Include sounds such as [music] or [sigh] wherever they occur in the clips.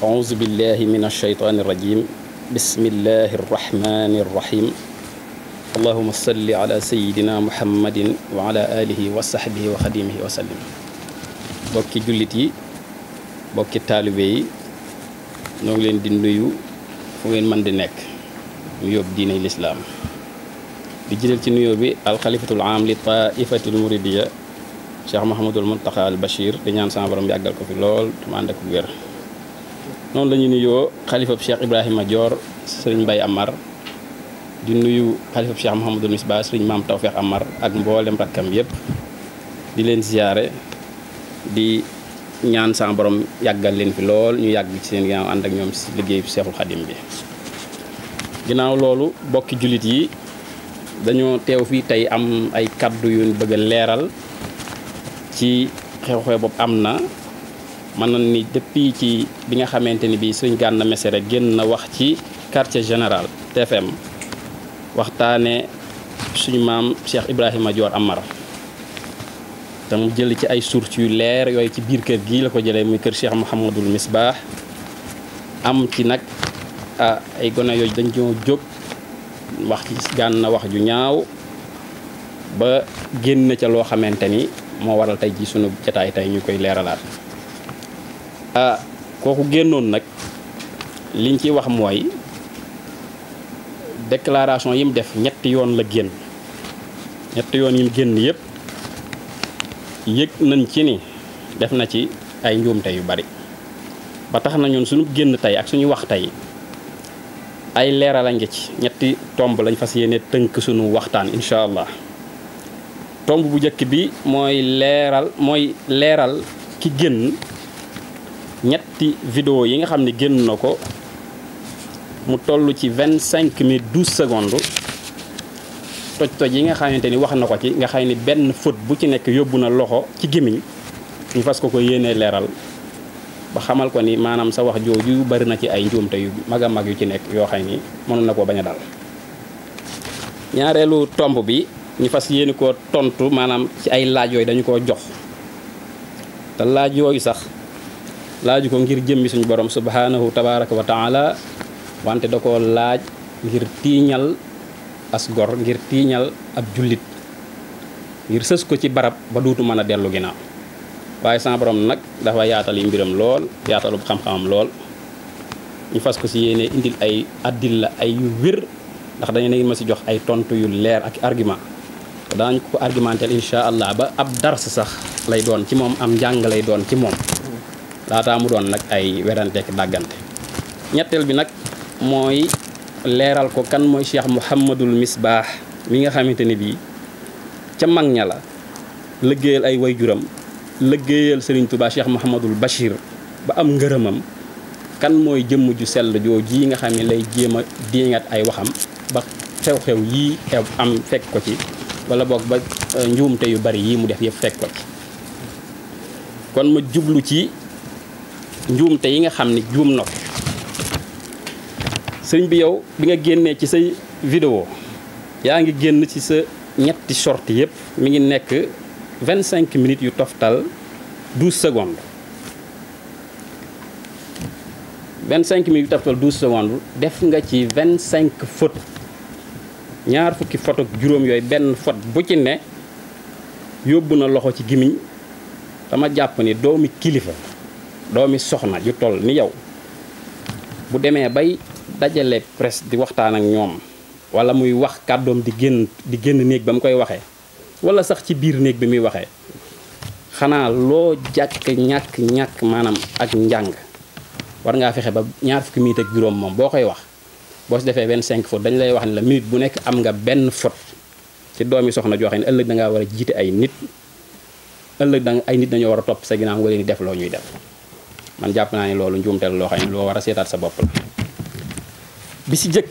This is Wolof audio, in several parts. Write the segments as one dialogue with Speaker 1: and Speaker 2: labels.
Speaker 1: أعوذ بالله من الشيطان الرجيم بسم الله الرحمن الرحيم اللهم صل على سيدنا محمد وعلى آله وصحبه وخديمه وسلم bokki jullit yi bokki taalibe yi ñoo ngi leen di nuyu fu ngeen mën di nekk nuyób diine lislaam di jëlal ci nuyoo bi alxalifatul am li taifatul muridiya cheikh mahamadul muntaxa al bachir di ñaan sama borom yàggal ko fi lool mu ànd ak wér noonu la ñu xalifa xalifab Cheikh Ibrahima Dior sëriñ Mbaye Amar di nuyu xalifab Cheikh Mouhamadul Misbah sëriñ Maam Tawfeex Amar ak mboolem rakkam yépp di leen ziyaare di ñaan sama yàggal leen fi lool ñu yàgg ci seen ginnaaw ànd ak ñoom ci liggéey Seexul Xadim bi ginnaaw loolu bokki jullit yi dañoo teew fii tey am ay kàddu yu bëgg leeral ci xew-xew boobu am na mën nañ ni depuis ci bi nga xamante ni bii Serigne Gana Messere génn na wax ci quartier général TFM waxtaane suñu maam Cheikh Ibrahima Dior Amar te mu jël ci ay sources yu leer yooyu ci biir kër gii la ko jëlee muy kër Cheikh Mouhamadul Misbah am ci nag ay gone yooyu dañ ñoo jóg wax ci na wax ju ñaaw ba génn ca loo xamante ni moo waral tey ji suñu jataay tey ñu koy leeralaat ah kooku génnoon nag liñ ci wax mooy déclaration yi def ñetti yoon la génn ñetti yoon yi génn yëpp yëg nañ ci ni def na ci ay njuumte yu bari ba tax na ñun suñu génn tey ak suñu wax tey ay leeral a ngi ci ñetti tomb lañ fas yéene tënk suñu waxtaan incha allah tomb bu njëkk bi mooy leeral mooy leeral ki génn ñetti video yi nga xam ne génn na ko mu toll ci vingt cinq minutes douze secondes toj-toj yi nga xamante ni wax na ko ci nga xay ni benn fët bu ci nekk yóbbu na loxo ci gémmiñ ñu fas ko ko yéene leeral ba xamal ko ni maanaam sa wax jooju yu bari na ci ay njuumte yu mag a mag yu ci nekk yoo xam ni mënoon na koo bañ a dal ñaareelu tomb bi ñu fas yéeni ko tontu maanaam ci ay laaj yooyu dañu ko jox te laaj yooyu sax laaju ko ngir jëmmi suñu borom subhaanahu tabaraka wa taala wante da ko laaj ngir tiiñal as gor ngir tiiñal ab jullit ngir sës ko ci barab ba duutu mën a dellu ginnaaw waaye sama nag dafa yaatal yi mbiram lool yaatalu xam-xamam lool ñu fas ko si yéene indil ay addil la ay yu wér ndax dañu ne ma si jox ay tontu yu leer ak argument danañ ko argumentel incha allah ba ab dars sax lay doon ci moom am njàng lay doon ci moom laataa mu doon nag ay weranteek dàggante ñetteel bi nag mooy leeral ko kan mooy cheikh mouhamadul misbaax mi nga xamante ni bii ca mag ña la liggéeyal ay way wayjuram liggéeyal sëriñ tubaa cheikh mouhamadul bachir ba am ngërëmam kan mooy jëmm ju sell joo ji nga xam ne lay jéem a diingat ay waxam ba xew-xew yii xew am fekk ko ci walla boog ba eh, njuumte yu bari yii mu def yëpp fekk ko ci kon ma jublu ci njuumte yi nga xam ni juum na ko sëñ bi yow bi nga génnee ci say vidéo yaa ngi génn ci sa ñetti short yëpp mi ngi nekk 25 minutes yu toftal 12 secondes 25 minutes yu toftal 12 secondes def nga ci 25 photos ñaar fukki photo juróom yooyu benn fot bu ci ne yóbbu na loxo ci gimiñ dama jàpp ni doomi kilifa doomi soxna ju toll ni yow bu demee bay dajale presque di waxtaan ak ñoom walla muy wax kàddoom di génn di génn néeg ba mu koy waxee wala sax ci biir néeg bi muy waxee xanaa loo jàkk ñàkk ñàkk maanaam ak njàng war ngaa fexe ba ñaar fukki minute ak juróom moom boo koy wax boo si defee cinq fautes dañu lay wax ni la minute bu nekk am nga benn fot ci doomi soxna joo xam ne ëllëg da ngaa war a jiite ay nit ëllëg da ay nit dañoo war a topp sa ginnaaw nga leen di def loo ñuy def man jàpp naa ne loolu njuumteel loo xam ne loo war a seetaat sa bopp la bi si jëkk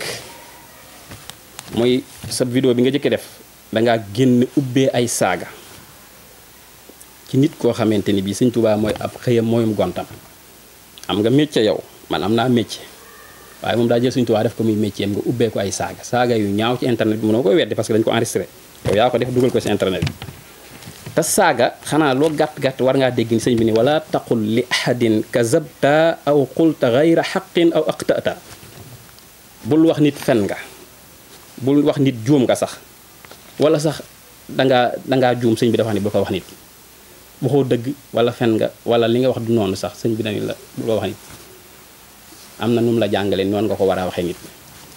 Speaker 1: mooy sa vidéo bi nga jëkk def dangaa génn ubbee ay saaga ci nit koo xamante ni bii Sëñ Tuubaa mooy ab xëyam mooyum gontam am nga métier yow man am naa métier waaye moom daa jël Sëñ Tuubaa def ko muy métier am nga ubbee ko ay saaga saaga yu ñaaw ci internet bi mënoo koy weddi parce que dañ ko enregistré yow yaa ko def dugal ko si internet bi te saaga xanaa loo gàtt-gàtt war ngaa dégg ni sëñ bi ni wala taxul li ahadin kazabta aw qulta gayra xaqin aw aqtata bul wax nit fen nga bul wax nit juum nga sax walla sax dangaa dangaa juum sëñ bi dafa ni bul ko wax nit waxoo dëgg wala fen nga wala li nga wax du noonu sax sëñ bi dañu la bul ko wax nit am na nu la jàngalee noon nga ko war a waxee nit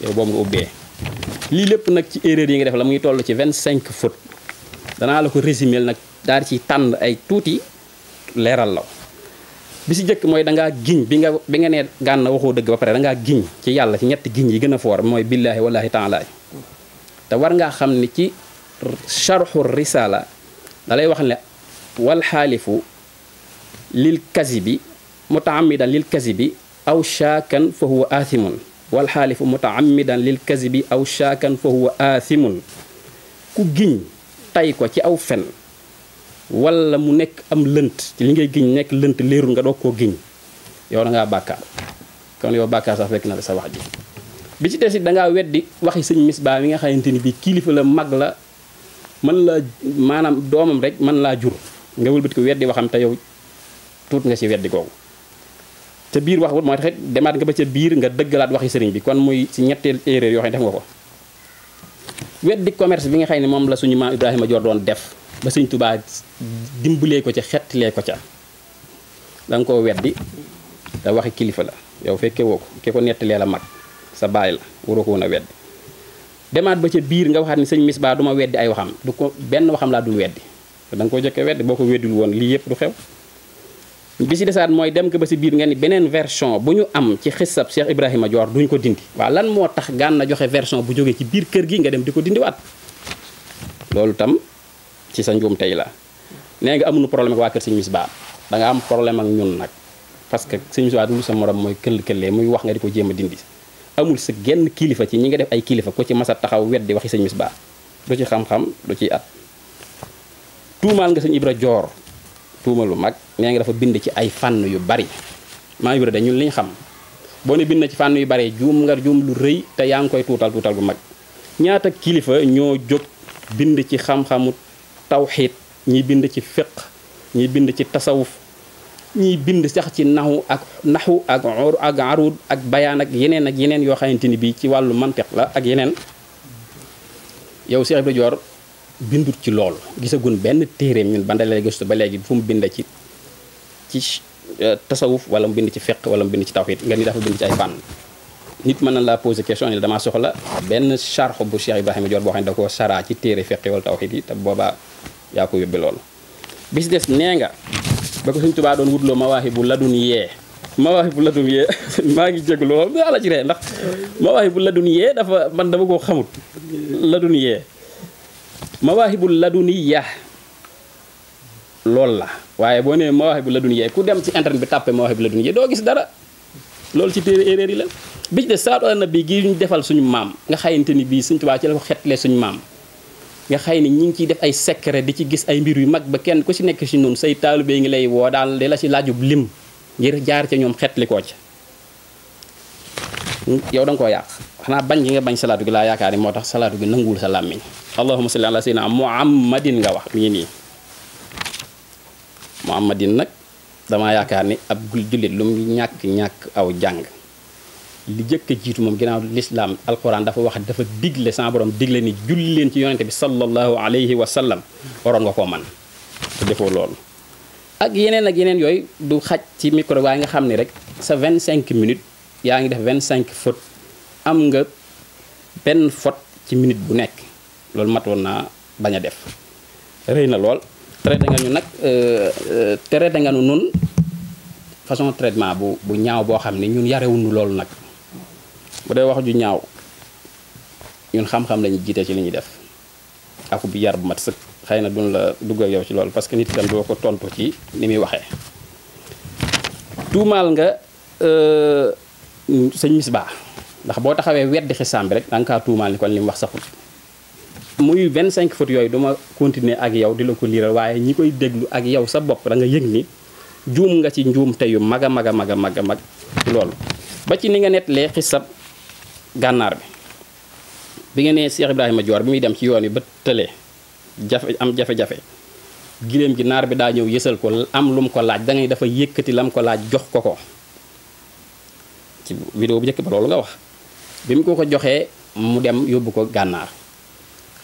Speaker 1: yow boobu nga ubbee lii lépp nag ci erreur yi nga def la mu ngi toll ci cinq fautes danaa la ko résumé nag daal ci tànn ay tuuti leeral la bi si njëkk mooy da ngaa giñ bi nga bi nga nee gànn waxoo dëgg ba pare da giñ ci yàlla ci ñetti giñ yi gën a foor mooy billaahi wallaahi taalaay te war ngaa xam ni ci charxu risala dalay wax ne wal lil kasi bi mutaamidan lil kasi bi aw shaakan fa huwa aathimun wal xaalifu mutaamidan lil kasi bi aw shaakan fa huwa aathimun ku giñ tay ko ci aw fen wala mu nekk am lënt li ngay giñ nekk lënt leerul nga doog koo giñ yow da ngaa bàkkaar kon yow bàkkaar sax fekk na la sa wax ji bi ci des it da ngaa weddi waxi sëñ baa mi nga xamante ni bii kilifa la mag la mën laa maanaam doomam rek mën laa jur nga wëlbati ko weddi waxam te yow tuut nga si weddi googu ca biir wax mooy taxit demaat nga ba ca biir nga dëggalaat waxi sëriñ bi kon muy si ñetteel erreur yoo xam ne nga ko weddi commerce bi nga xam ne moom la suñu maam Ibrahima Joor doon def ba Sëñ tubaa dimbalee ko ca xettilee ko ca danga koo weddi te waxi kilifa la yow fekke woo ko ke ko nettalee la mag sa baay la waroo ko woon a weddi demaat ba ca biir nga waxaat ni sëñ Misbaa du ma weddi ay waxam du ko benn waxam laa dul weddi da koo ko jëkkee weddi boo ko weddul woon lii yëpp du xew bi si desaat mooy dem ko ba si biir nga ni beneen version bu ñu am ci xisab Cheikh Ibrahima Dior duñ ko dindi waa lan moo tax Gana joxe version bu jógee ci biir kër gi nga dem di ko dindiwaat loolu tam ci sa njuum tey la nee nga amuñu problème ak waa kër Sëñ Misbaa da danga am problème ak ñun nag parce que Sëñ Misbaa du sa morom mooy këll këllee muy wax nga di ko jéem a dindi amul si genn kilifa ci ñi nga def ay kilifa ku ci masa taxaw weddi waxi Sëñ Misbaa du ci xam-xam du ci at tuumaal nga Sëñ Ibra Dior tuuma lu mag nee ngi dafa bind ci ay fànn yu bari maa ngi dañu liñ xam boo ne bind ci fànn yu bari juum nga juum lu rëy te yaa ngi koy tuutal tuutal bu mag ñaata kilifa ñoo jóg bind ci xam-xamu tawxiit ñi bind ci fiq ñi bind ci tasawuf ñi bind sax ci naxu ak naxu ak or ak ak bayaan ak yeneen ak yeneen yoo xamante ni bii ci wàllu mantiq la ak yeneen yow Cheikh Ibrahima Dior bindut ci lool gisagun benn téeréem ñun bandale gëstu ba léegi fu mu bind ci ci euh, tasawuf wala mu bind ci fiq wala mu bind ci tawxiid nga ni dafa bind ci ay fànn nit mën na laa poser question ni damaa soxla benn charx bu Cheikh Ibrahima Dior boo xam ne da ko saraa ci téere fiq wala tawxiid yi te booba yaa ko yóbbe loolu bis des nee nga ba ko Sëñ Tuubaa doon wutloo mawaahibu ladun yee mawaahibu ladun yee [laughs] maa ngi jéglu moom ala ci ree dafa man dama koo xamut la du mawaahibul laduniya loolu la waaye boo nee mawaahibul laduniya ku dem ci internet bi tàppe mawaahibul laduniya doo gis dara loolu ci téere erreur yi la bi ci des salaatu ala nabi gi ñu defal suñu maam nga xayante ni bii Sëñ ci la ko suñu maam nga xëy ni ñi ngi ciy def ay secret di ci gis ay mbir yu mag ba kenn ku ci nekk ci noonu say taalibee ngi lay woo daal di la ci laajub lim ngir jaar ca ñoom xetli koo ca hmm? yow da nga koo yàq xanaa bañ gi nga bañ salaatu gi laa yaakaar ni moo tax salaatu gi nanguwul sa làmmiñ allahuma salli ala sayyidina muhammadin nga wax mi ngi nii muhammadin nag damaa yaakaar ni ab gul jullit lu mu ñàkk-ñàkk aw jàng li jëkk a jiitu moom ginnaaw lislaam alquran dafa wax dafa digle sama borom digle ni julli leen ci yonente bi sallallahu alayhi wa sallam waroon nga koo man defoo loolu ak yeneen ak yeneen yooyu du xaj ci micro waaye nga xam ne rek sa cinq minutes yaa ngi def vingt cinq fautes am nga benn fot ci minute bu nekk loolu matoon naa bañ a def rëy na lool traité nga ñu nag euh, euh, traité nga ñu nun façon traitement bu bu ñaaw boo xam ne ñun yarewuñu loolu nag bu dee wax ju ñaaw ñun xam-xam lañu jiite ci li ñuy def aku bi yar bu mat sëkk xëy na duñ la dugg ak yow ci loolu parce que nit itam doo ko tontu ci ni muy waxee tuumaal nga euh, sëñ Misbaa ndax boo taxawee weddi xisaam bi rek da nga kaa tuumaal ni kon li mu wax saxul muy 25 foot yooyu du ma continuer ak yow di la ko liiral waaye ñi koy déglu ak yow sa bopp da nga yëg ni juum nga ci njuum te yu mag a mag a mag a mag a mag loolu ba ci ni nga nettalee xisab gànnaar bi bi nga nee Cheikh Ibrahima Joor bi muy dem ci yoon wi ba tëlee jafe am jafe-jafe giléem gi naar bi daa ñëw yësal ko am lum ko laaj da ngay dafa yëkkati lam ko laaj jox ko ko ci vidéo bu njëkk ba loolu nga wax bi mu ko ko joxee mu dem yóbbu ko gànnaar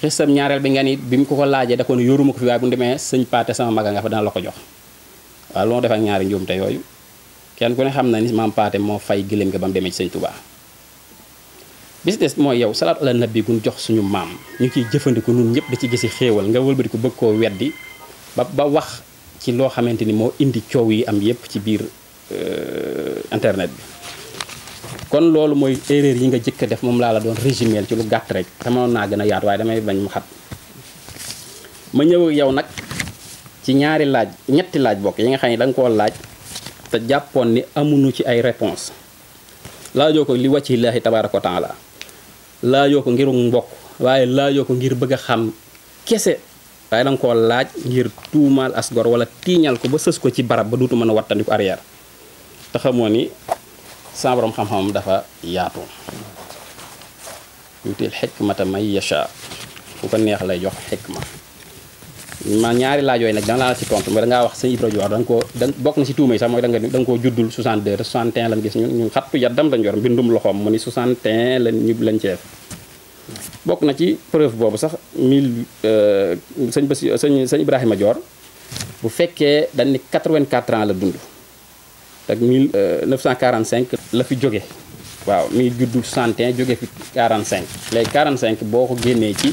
Speaker 1: xisam ñaareel bi nga ni bi mu ko ko laajee da ko ne yoruma ko fi waaye bu demee sëñ paate sama maga nga fa dana la ko jox waaw loo def ak ñaari njuumte yooyu kenn ku ne xam na ni maam paate moo fay gëléem nga ba mu demee ci sëñ Touba. bis des mooy yow salaatu ala nabi gun jox suñu maam ñu kiy jëfandiku ñun ñëpp da ci gisi xéewal nga wëlbati ko bëgg koo weddi ba ba wax ci loo xamante ni moo indi coow yi am yépp ci biir euh, internet bi kon loolu mooy erreur yi nga jëkk def moom laa la doon résumé ci lu gàtt rek xamoon naa gën a yaatu waaye damay bañ mu xat ma ñëw ak yow nag ci ñaari laaj ñetti laaj bokk yi nga xam ne da ko koo laaj te jàppoon ni amuñu ci ay réponse laajoo ko li wàcc laahi tabaaraka wa taala laajoo ko ngiru mbokk waaye laajoo ko ngir bëgg a xam kese waaye da nga laaj ngir tuumaal asgor wala tiiñal ko ba sës ko ci barab ba duutu mën a wattandiku arrière te ni sa borom xam-xamam dafa yaatu yutil xikmata may yasha ku ko neex lay jox xikma ma ñaari laaj yooyu nag dama laa ci tontu mooy da ngaa wax sëñ Ibra Joor da nga koo bokk si tuuma yi sax mooy da nga da nga koo juddul 62 te 61 lañ gis ñun xattu yaddam lañ yor mbindum loxoom mu ni 61 lañ ñu lañ ceef bokk na ci preuve boobu sax mille euh, sëñ Basi sëñ sëñ Ibrahima Joor bu fekkee dañ ni 84 ans la dund ak 1945 euh, la fi jóge waaw mi ngi juddu 61 jóge fi 45 léegi 45 boo ko génnee ci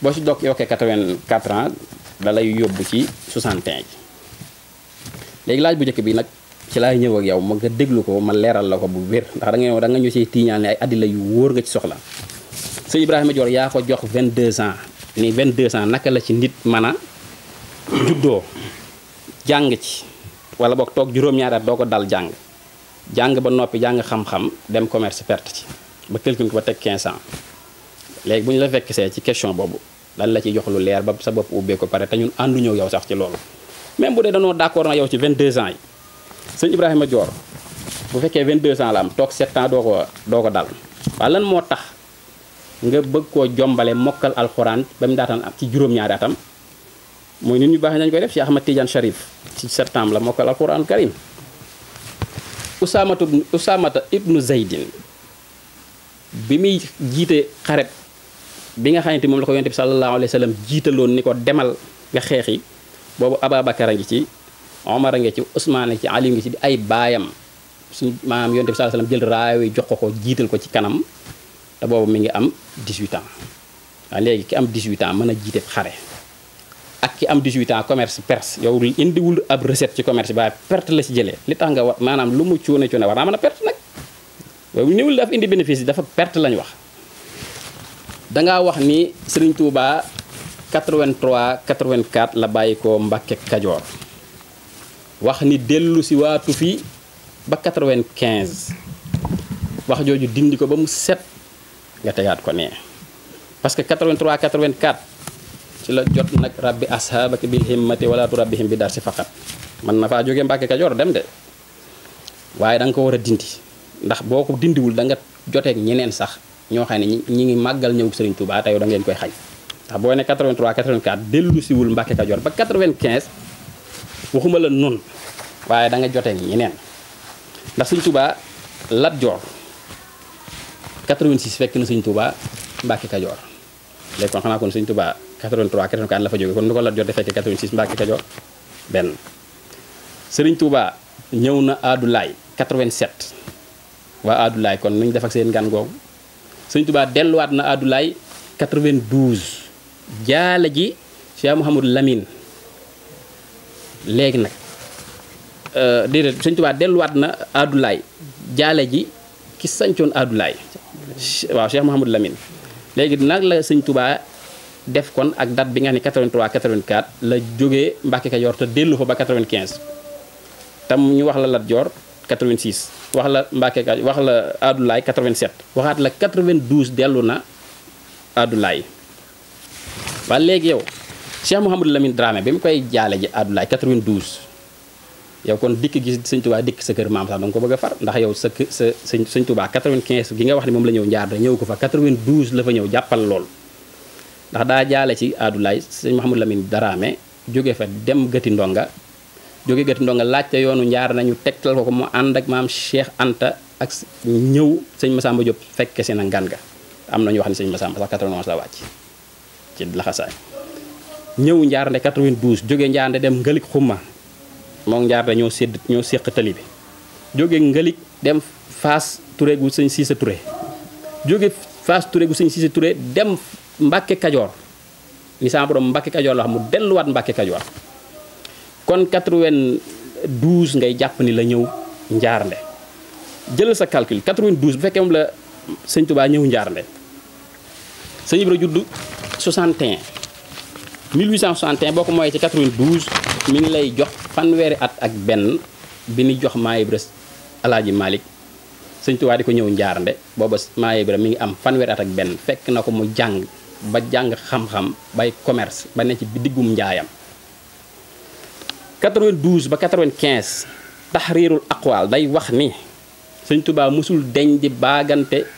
Speaker 1: boo ci dokk yokkee 84 ans da yóbbu ci 61 ji léegi laaj bu njëkk bi nag ci laay ñëw ak yow ma nga déglu ko ma leeral la ko bu wér ndax da nga da nga ñu siy tiiñaal ne ay addi yu wóor nga ci soxla sëñ Ibrahima Dior yaa ko jox 22 ans ni 22 ans naka la ci nit mën a juddoo jàng ci wala boog toog juróom-ñaari doo ko dal jàng jàng ba noppi jàng xam-xam dem commerce perte ci ba calcul ko ba teg 1500 léegi bu ñu la fekk see ci question boobu dañ la ciy jox lu leer ba sa bopp ubbee ko pare te ñun ànduñoo yow sax ci loolu même bu dee danoo d'accord na yow ci 22 ans yi sëñ Ibrahima joor bu fekkee 22 ans la am toog 7 ans doo ko doo ko dal waaye lan moo tax nga bëgg koo jombale mokkal alxuraan ba mu daataan am ci juróom-ñaari atam mooy nit ñu baax nañ koy def Cheikh Ahmad Tidiane Sharif ci septembre la mokkal alquran karim usaamatu usaamata ibnu zaydin bi muy jiite xareb bi nga xamante moom la ko yonte bi sallallahu alayhi wa jiitaloon ni ko demal nga xeex yi boobu Ababacar a ngi ci Omar a ngi ci Ousmane a ngi ci Ali ngi ci ay baayam suñu maanaam yonte bi sallallahu alayhi wa jël raawe jox ko ko jiital ko ci kanam te boobu mi ngi am 18 ans waaw léegi ki am 18 ans mën a jiite xare ki am 18 ans commerce perse yow indiwul ab recette ci commerce ba perte la ci jëlee li tax nga war maanaam lu mu cuune cuune war naa mën a perte nag yow niwul daf indi bénéfice dafa perte lañ wax dangaa wax ni Serigne Touba 83 84 la bàyyi ko Mbàkke Kajoor ni dellu si waatu fi ba 95 wax jooju dindi ko ba mu nga tegaat ko nee que ci la jot nag rabbi ashaabaka bil himmati wala tu rabbihim bi dar si faqat man na faa jógee Mbàkke Kajoor dem de waaye da nga ko war a dindi ndax boo ko dindiwul danga nga joteeg ñeneen sax ñoo xam ne ñi ngi màggal ñëw Sëriñ Tuubaa tubaa yow da ngeen koy xañ ndax boo ne 83 84 dellu siwul Mbàkke Kajoor ba 95 waxuma la nun waaye danga nga joteeg ñeneen ndax Sëriñ Tuubaa Lat Joor 86 fekk na Sëriñ Tuubaa Mbàkke Kajoor léegi kon xanaa kon Sëriñ Tuubaa 83 84 la fa jóge kon nu ko Lat Joor di fekkee 86 Mbàkke Kajoor benn Sëriñ Tuubaa ñëw na Adulaay 87 waa Adulaay kon nuñ def ak seen gan googu Sëriñ Tuubaa delluwaat na Adulaay 92 jaala ji Cheikh Mouhamadou Lamine léegi nag euh, déedéet Sëriñ Tuubaa delluwaat na Adulaay jaala ji ki sancoon Adulaay waaw Cheikh la Sëriñ Tuubaa def kon ak date bi nga xam ne 83 84 la jóge jógee Mbàkke yor te dellu fa ba 95 tam ñu wax la Lat Joor 86 wax la Mbàkke wax la Adulaay 87 waxaat la 92 dellu na Adulaay waa léegi yow Cheikh Mouhamadou Lamine Dramé bi mu koy jaale ji Adulaay 92 yow kon dikk gi sëñ tubaa dikk sa kër maam sax danga ko bëgg a far ndax yow sa sa sëñ sëñ tubaa 95 gi nga wax ne moom la ñëw njaar da ñëw ko fa 92 la fa ñëw jàppal lool ndax daa jaale ci aadulaay sëñ Mouhamadou Lamine Daraame jóge fa dem gëti ndonga jóge gëti ndonga laajte yoonu njaar nañu tegtal ko ko mu ànd ak maam Cheikh Anta ak ñëw sëñ Massamba Diop fekke seen a ngan ga am na ñu wax ne sëñ Massamba sax 91 sa wàcc ci laxasaay ñëw njaar njaarnde 92 jóge njaarnde dem ngalik xumma moom njaarnde ñoo sédd ñoo séq tali bi jóge ngalik dem faas Touré gu sëñ Siisa Touré jóge Faas Touré bu sëñ Cissé Touré dem Mbàkke Kajoor li sama borom Mbàkke Kajoor la wax mu delluwaat Mbàkke Kajoor kon 92 ngay jàpp ni la ñëw Njaarnde jëlal sa calcul 92 bu fekkee moom la sëñ Touba ñëw Njaarnde sëñ Ibra judd 61 1861 boo ko mooyee ci 92 mi ngi lay jox fanweeri at ak benn bi ni jox maa Alaaji Malick sëñ Tuubaa di ko ñëw njaarnde booba Maam Ibra mi ngi am fanweeri ak benn fekk na ko mu jàng ba jàng xam-xam bay commerce ba ne ci diggum njaayam 92 ba 95 taxriirul aqwaal day wax ni sëñ Tuubaa mësul deñ di baagante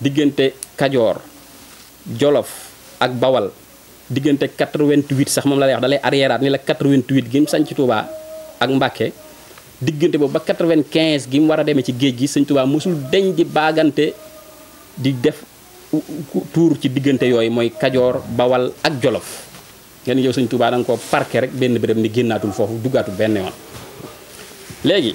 Speaker 1: diggante Kajoor Jolof ak Bawal diggante 88 sax moom la lay wax da lay ni la 88 gi mu sañ Tuubaa ak Mbàkke diggante boobu ba 95 gi mu war a demee ci géej gi sëñ Tuubaa mosul deñ di baagante di def tuur ci diggante yooyu mooy Kajoor Bawal ak Jolof ngeen yow sëñ Tuubaa da nga rek benn béréb ni génnaatul foofu duggaatul benn yoon léegi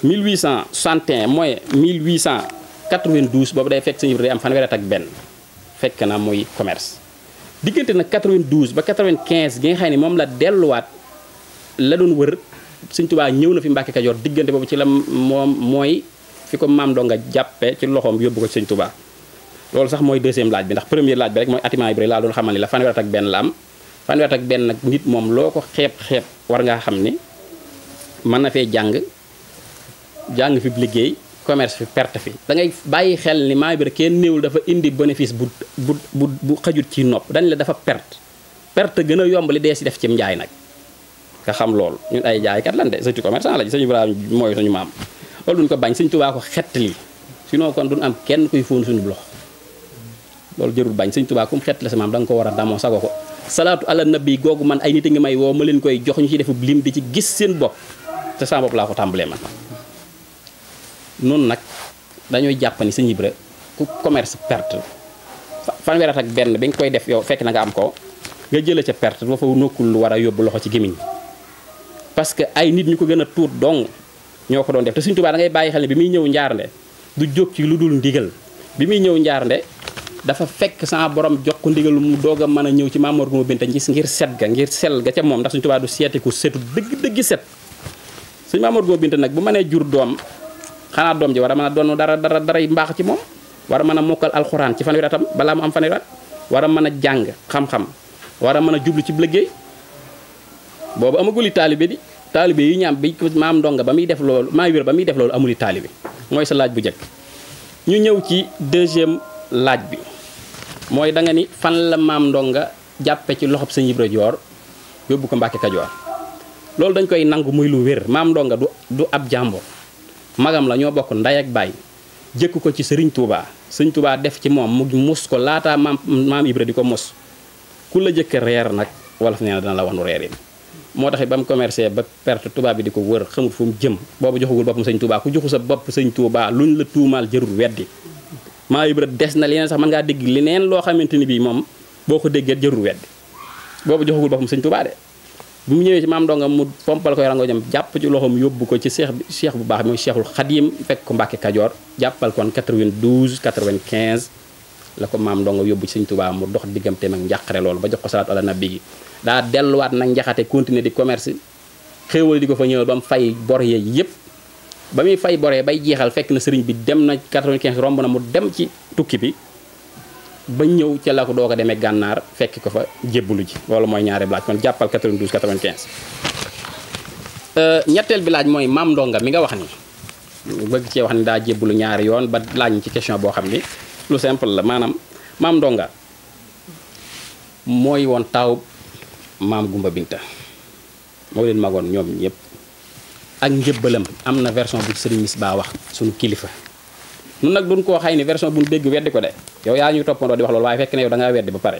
Speaker 1: 1861 mooy 1892 boobu day fekk sañu bi day am fanweeri at ak benn fekk na muy commerce diggante na 92 ba 95 gi nga xam ne moom la delluwaat la doon wër Sëñ Tuubaa ñëw na fi Mbàkke Kajoor diggante boobu ci la moom mooy fi ko maam doo nga jàppe ci loxoom yóbbu ko ci Sëñ loolu sax mooy deuxième laaj bi ndax premier laaj bi rek mooy Atimaa Ibra laa doon xamal ni la fanweer ak benn la am fanweer ak benn nag nit moom loo ko xeeb xeep war ngaa xam ni mën na fee jàng jàng fi bu liggéey commerce fi perte fi da ngay bàyyi xel ni Maam Ibra kenn néewul dafa indi bénéfice bu bu bu bu xajut ci nopp dañ la dafa perte perte gën a yomb li si def ci njaay nag nga xam loolu ñun ay jaaykat lan de surtout commerçant lañ sëñ Ibrahima mooy suñu maam loolu duñ ko bañ sëñ Tuubaa ko xettali sinon kon duñ am kenn kuy fóon suñu loxo loolu jërul bañ sëñ Tuubaa kum xettali sa maam da nga ko war a damoo sago ko salaatu ala nabi googu man ay nit a ngi may woo ma leen koy jox ñu ci defu lim bi ci gis seen bopp te sama bopp laa ko tàmbalee man noonu nag dañooy jàpp ni sëñ ku commerce perte fanweer ak benn bi nga koy def yow fekk na nga am ko nga jëla ca perte boo fa nokkul lu war a yóbbu loxo ci gémmiñ parce que ay nit ñu ko gën a tuut dong ñoo ko doon def te Sëriñ Tuubaa da bàyyi xel ne bi muy ñëw njaarnde du jóg ci lu dul ndigal bi muy ñëw njaarnde dafa fekk sama borom jox ko ndigal mu doog a mën a ñëw ci Maam Mor Guma Binta ngir set ga ngir sel ga ca moom ndax Sëriñ Tuubaa du seeti ku setu dëgg dëgg set Sëriñ Maam Mor Guma Binta nag bu mënee jur doom xanaa doom ji war a mën a doon dara dara daray mbaax ci moom war a man a mokkal alxuraan ci fanweeri atam balaa mu am fanweeri at war a mën a jàng xam taalibe yi ñaam bi maam ndonga ba muy def loolu maam wér ba muy def loolu amul taalibe mooy sa laaj bu njëkk ñu ñëw ci deuxième laaj bi mooy danga ni fan la maam ndonga jàppe ci loxob sëñ Ibra Joor yóbbu ko Mbàkke Kajoor loolu dañ koy nangu muy lu wér maam ndonga du du ab jàmbur magam la ñoo bokk nday ak baay jëkk ko ci sëriñ Touba sëriñ Touba def ci moom mu mus ko laataa maam maam Ibra di ko mos ku la jëkk reer nag wala fi nee na dana la wanu moo tax ba mu commercé ba perte tubaab bi di ko wër xamul fu mu jëm boobu joxagul boppam sëñ tubaa ku joxu sa bopp sëñ Touba ñu la tuumaal jërul weddi maa yibra des na leneen sax mën ngaa dégg leneen loo xamante ni bii moom boo ko déggee jërul weddi boobu joxagul boppam sëñ Touba de bu mu ñëwee ci maam Ndonga mu fompal koy rango ñam jàpp ci loxoom yóbbu ko ci seex seex bu baax mooy seexul yim fekk ko Mbàkke Kajoor jàppal kon 92 95 la ko maam ndongo yóbbu ci sëñ tubaab mu dox digganteem ak njàqare loolu ba jox ko salaatu ala nabi gi daa delluwaat nag njaxate continuer di commerce xéewal di ko fa ñëwal ba mu fay bor ye yëpp ba muy fay boree bay jeexal fekk na sëriñ bi dem na 95 romb na mu dem ci tukki bi ba ñëw ca la ko doo ko demee gànnaar fekk ko fa jébbalu ji loolu mooy ñaari laaj kon jàppal 92 95. Euh, ñetteel bi laaj mooy maam ndonga mi nga wax ni bëgg cee wax ni daa jébbalu ñaari yoon ba laaj ci question boo xam ni. lu simple la maanaam maam ndonga mooy woon taaw maam Gumba Binta moo leen magoon ñoom ñëpp ak njëbbalam am na version bu Serigne Misbaa wax suñu kilifa nun nag dun koo xay ni version bu ñu dégg weddi ko de yow yaa ñuy toppandoo di wax loolu waaye fekk ne yow da ngaa weddi ba pare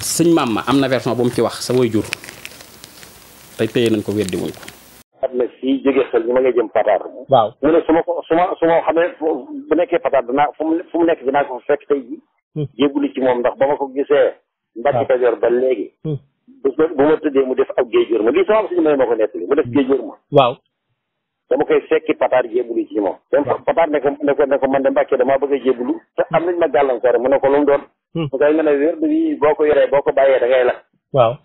Speaker 1: sëñ maam ma am na version bu mu ci wax sa jur te téye nañ ko weddi wuñ ko fii jóge xel ñu ma ngay jëm Pataar. waaw mu na su ma ko su ma su ma xamee bu nekkee Pataar dinaa fu mu fu mu nekk dinaa ko fa fekk tey ji hmm. ci moom ndax ba ma ko gisee Mbàkke hmm. bu ma tëddee mu def ab géej góor ma lii sama am ko nettali mu def géej góor ma waaw dama koy fekki pataar jébulu ci moom dam pataar ne ko ne ko ne ko man de mbàkkee damaa bëgg a jébulu te am nañ ma gàllankoor mu ne ko lu mu doon mu hmm. koy mën a wér bi boo ko yoree boo ko bàyyee da ngay waaw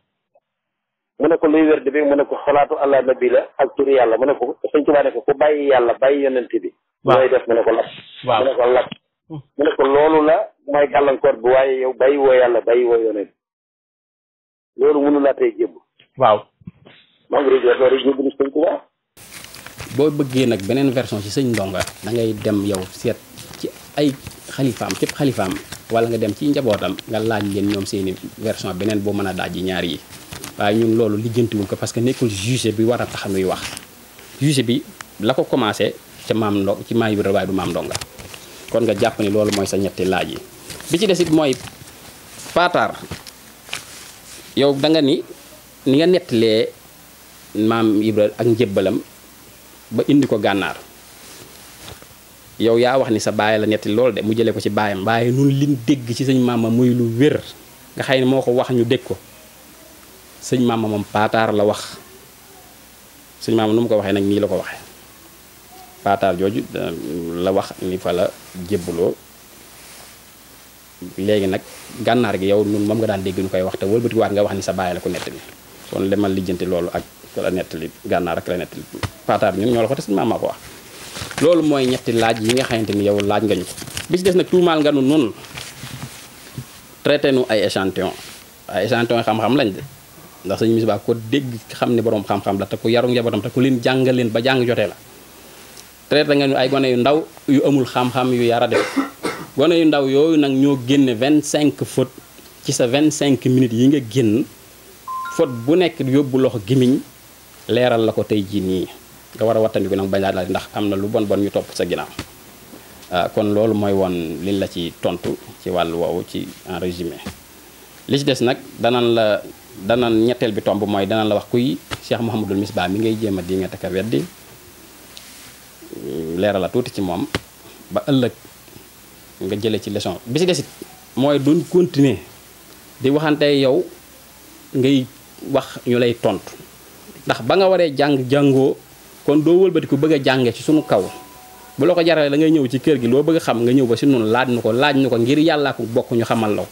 Speaker 1: mu ne ko luy wérd bi mu ne ko xalaatu allah nabi la ak turi yàlla mu ne ko sañ Tuubaa ne ko ku bàyyi yàlla bàyyi yonent bi mooy def mu ne ko lap mu hmm. loolu la mooy gàllankoor bi waaye yow bàyyi woo yàlla bàyyi woo yonent loolu mënu laa tey jébbu waaw maa ngi rëjootoore jébbu beneen version ci sëñ Ndonga da dem yow seet ci ay xalifaam képp xalifaam wala nga dem ci njabootam nga laaj leen ñoom seeni version beneen boo mën a daaj ñaar yi waaye ñun loolu lijjantiwuñ ko parce que nekkul juge bi war a tax nuy wax juge bi la ko commencé ca maam ndo ci maam Ibra waaye du maam ndonga kon nga jàpp loolu mooy sa ñetti laaj yi ci des it mooy paataar yow da ni ni nga nettalee maam Ibra ak njëbbalam ba indi ko gànnaar yow yaa wax ni sa baay la netti loolu de mu jëlee ko ci baayam waaye nun li dégg ci sëñ maama muy lu wér nga xëy ne moo ko wax ñu dégg ko sëñ maama moom paataar la wax sëñ maama nu mu ko waxee nag nii la ko waxee paataar jooju la wax ni fa la jébbaloo léegi nag gànnaar gi yow nun moom nga daan dégg nu koy wax te wëlbatikuwaat nga wax ni sa bàyyi la ko nettali kon demal lijjanti loolu ak la nettali gànnaar ak la nettali paataar ñun ñoo la ko te maam maama ko wax loolu mooy ñetti laaj yi nga xamante ni yow laaj nga ñu ko bis des nag tuumaal nga nu nun traité nu ay échantillon ay échantillon xam-xam ndax sëñ Misbaa ko dégg xam ne boroom xam-xam la te ku yaru njabootam te ku leen jàngal ba jàng jotee la traité nga ñu ay gone yu ndaw yu amul xam-xam yu yara def gone yu ndaw yooyu nag ñoo génne cinq faute ci sa vingt cinq minutes yi nga génn faute bu nekk yóbbu loxo gimiñ leeral la ko tey jii nii nga war a wattandiku nag bañ laa ndax am na lu bon bon ñu topp sa ginnaaw ah, kon loolu mooy woon liñ la ci tontu ci wàll woowu ci en résumé nag dana ñetteel bi tomb mooy dana la wax kuy Cheikh Mouhamadul Misbaa mi ngay jéema a di nga taka weddi mm, leeral la tuuti ci moom ba ëllëg nga jëlee ci leçon bi si desit mooy duñ continuer di waxante yow ngay wax ñu lay tontu ndax ba nga waree jàng jàngoo kon doo wëlbati ku bëgg a jàngee ci sunu kaw bu la ko jaralee da ngay ñëw ci kër gi loo bëgg xam nga ñëw ba si noonu laaj nu ko laaj nu ko ngir yàllaa ko bokk ñu xamal law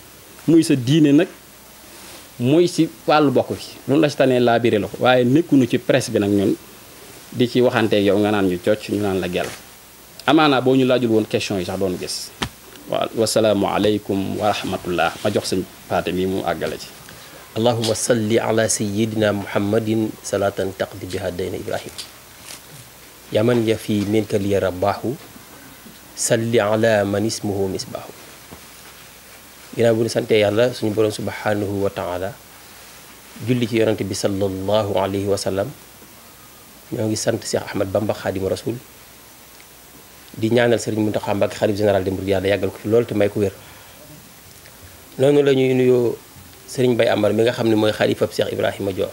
Speaker 1: muy sa diine nag mooy si wàllu bokk bi loolu la si tane laa biré la ko waaye nekkunu ci presse bi nag ñun di ci waxante yow nga naan ñu cocc ñu naan la gel amaanaa boo ñu laajul woon question yi sax doon gis waaw wasalaamualeykum wa rahmatullah ma jox sañ paate mi mu àggale ci allahuma salli ala sayidina muhammadin salatan taqdi biha dayna ibrahim yaman ya fi minkaliya rabbaahu salli ala man ismuhu misbaahu ginnaaw bu ñu sante yàlla suñu borom subhanahu wa taala julli ci yonante bi sallallahu alayhi wa sallam ñoo ngi sant Cheikh Ahmad Bamba Xaadimu Rasul di ñaanal Sëriñ Muntaxa Mbàkke xalif général dem mourides yàlla yàggal ko fi loolu te may ko wér noonu la ñuy nuyoo Sëriñ Bay Amar mi nga xam ne mooy xalifab seex Ibrahima Dior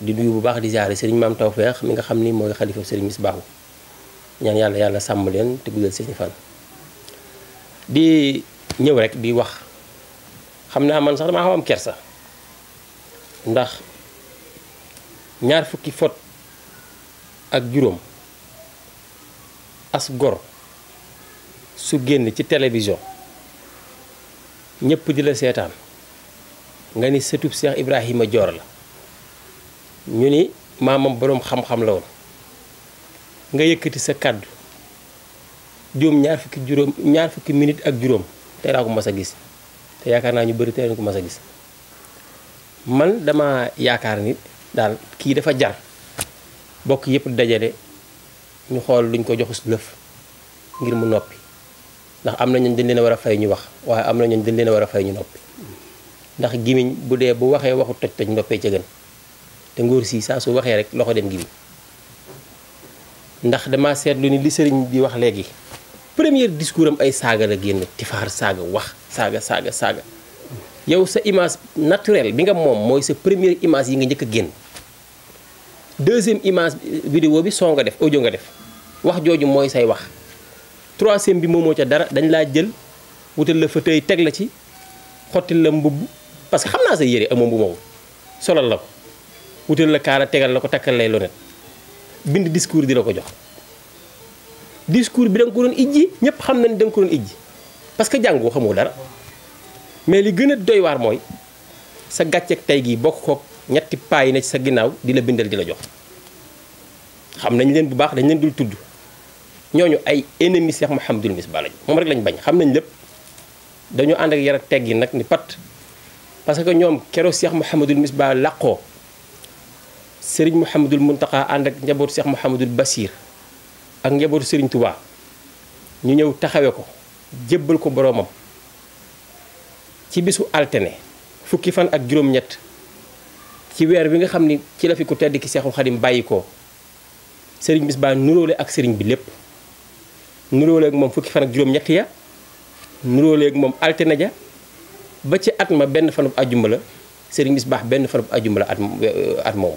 Speaker 1: di nuyu bu baax di ziare Sëriñ Maam Tawfeex mi nga xam ni mooy xalifab Sëriñ Misbaahu ñaan yàlla yàlla sàmm leen te guddal seeni ñëw rek di wax xam naa man sax damaa xaw am kersa ndax ñaar fukki fot ak juróom as gor su génn ci télévision ñépp di la seetaan nga ni sëtub Cheikh Ibrahima joor la ñu ni maamam boroom xam-xam la woon nga yëkkati sa kàddu juróom ñaar fukki juróom ñaar fukki minute ak juróom tey laa a gis te yaakaar naa ñu bari tey ko ma a gis man dama yaakaar ni daal kii dafa jar bokk yëpp dajale ñu xool luñ ko jox lëf ngir mu noppi ndax am na ñooñu dañ leen war a fay ñu wax waaye am na ñooñu dañ leen war a fay ñu noppi ndax gimiñ bu dee bu waxee waxu toj toj noppee ca gën te ngóor si saa su waxee rek loxo dem gimiñ ndax dama seetlu ni li sëriñ bi wax léegi première discours am ay saaga la génn tifaar saaga wax saaga saaga saaga yow sa image naturelle bi nga moom mooy sa première image yi nga jëkk a génn deuxième image vidéo bi soo nga def audio nga def wax jooju mooy say wax troisième bi moomoo ca dara dañ laa jël wutal la fa fauteuil teg la ci xottil la mbubb parce que xam naa sa yére ak moom bu maw solal la ko wutal la kaala tegal la ko takkal lay lonet bind discours di la ko jox discours bi da nga ko doon ijji ñëpp xam nañ da nga ko doon ijji parce que jàngoo xamoo dara mais li gën a doy waar mooy sa gàcceeg tey gii bokk kook ñetti paa yi ne ci sa ginnaaw di la bindal di la jox xam nañ leen bu baax dañ leen dul tudd ñooñu ay ennemis Cheikh Mouhamadoul Misbah lañ moom rek lañ bañ xam nañ lépp dañoo ànd ak yar ak teggi nag ni pat parce que ñoom keroog Cheikh Mouhamadoul Misbah làqoo Serigne Mouhamadoul Mountakha ànd ak njabootu Cheikh Mouhamadoul Bassir ak njabootu Serigne Touba ñu ñëw taxawe ko jébbal ko boroomam ci bisu altene fukki fan ak juróom-ñett ci weer bi nga xam ni ci la fi ku tedd ki Seexul Xadim bàyyi ko Serigne Misbaa nuróole ak sëriñ bi lépp nuróole ak moom fukki fan ak juróom-ñett ya nuróole ak moom altene ja ba ci at ma benn fanub ajjuma la Serigne Misbaa benn fanub ajjuma la at euh, at moom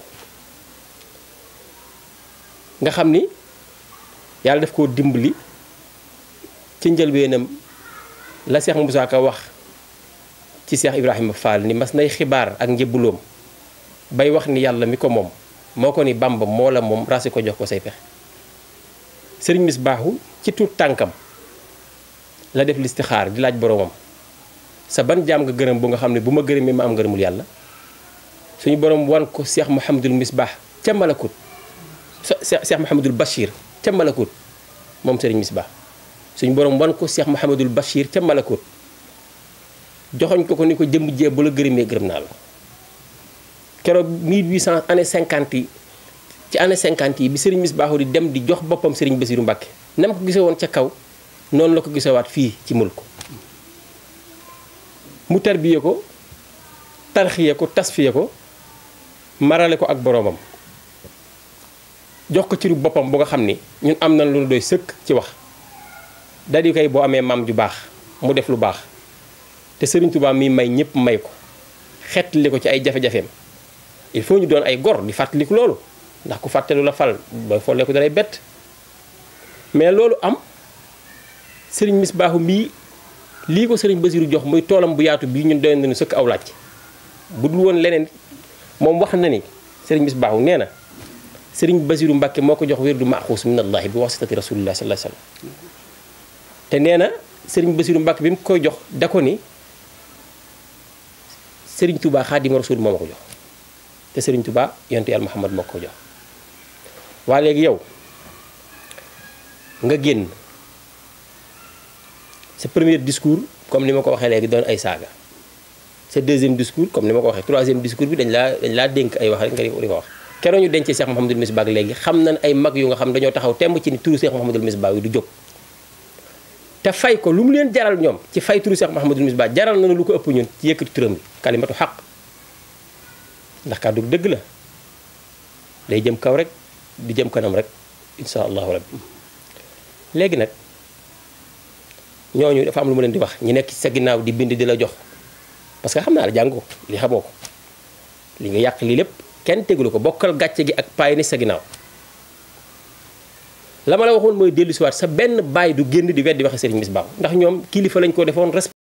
Speaker 1: nga xam ni. yàlla daf koo dimbali ci njëlbeenam la Cheikh Moussa Ka wax ci Cheikh Ibrahima Fall ni mas nay xibaar ak njëbbuloom bay wax ni yàlla mi ko moom moo ko ni bàmb moo la moom rasi ko jox ko say pexe sëriñ Miss Baaxu ci tuut tànkam la def listixaar di laaj boromam sa ban jaam nga gërëm bu nga xam ne bu ma gërëmee ma am ngërëmul yàlla suñu borom wan ko seex Cheikh Mouhamadul Misbah ca malakut Cheikh Mouhamadul Bachir ca Malakut moom Serigne Misbah suñu borom wan ko Cheikh Mouhamadul Bachir ca Malakut joxoñ ko ko ni ko jëmm jee bu la gërëmee gërëm naa la keroog 1800 année 50 yi ci année 50 yi bi Serigne Misbah di dem di jox boppam Serigne Bassirou Mbacké nam ko gisee woon ca kaw noonu la ko gisewaat fii ci mul ko mu tarbiye ko tarxiye ko tasfiye ko marale ko ak boroomam jox ko cëru boppam bu nga xam ni ñun am na lu doy sëkk ci wax daal kay boo amee maam ju baax mu def lu baax te sëriñ Touba mii may ñëpp may ko xeetli ko ci ay jafe-jafeem il faut ñu doon ay gor di fàttaliku loolu ndax ku fàttelu la fal booy follee ko dalay bett mais loolu am Serigne Misbaahu mii lii ko ba Basiru jox muy toolam bu yaatu bii ñun doyoon nañu sëkk aw laaj bu dul woon leneen moom wax na ni Serigne Misbaahu nee na. sëriñ Basiru Mbàkke moo ko jox wér du maxuus min allahi bi wasitati rasulillah sallallahu alayhi wasallam te nee na sëriñ Basiru Mbàkke bi mu koy jox da ko ni sëriñ Touba xaadima rasul moo ma ko jox te sëriñ tubaa yonent yàlla Muhammad moo ko jox waa léegi yow nga génn sa premier discours comme ni ma ko waxee léegi doon ay saaga sa deuxième discours comme ni ma ko waxee troisième discours bi laa dañ laa dénk ay wax rek nga di ko wax keroog ñu dencee Cheikh Mouhamadul Misbah léegi xam nañ ay mag yu nga xam dañoo taxaw temb ci ni turu Cheikh Mouhamadul Misbah yi du jóg te fay ko lu mu leen jaral ñoom ci fay turu Cheikh Mouhamadul Misbah jaral na lu ko ëpp ñun ci yëkkati turam bi kalimatu xaq ndax kàddu dëgg la day jëm kaw rek di jëm kanam rek insha allahu rabbi léegi nag ñooñu dafa am lu mu leen di wax ñu nekk ci sa ginnaaw di bind di la jox parce que xam naa la jàngoo li xamoo ko li nga yàq lii lépp kenn tegulu ko bokkal gàcce gi ak paay ni sa ginnaaw la ma la waxoon mooy dellusiwaat sa benn baay du génn di weddi waxe sëriñ Misbaaw ndax ñoom kilifa lañ ko defoon respect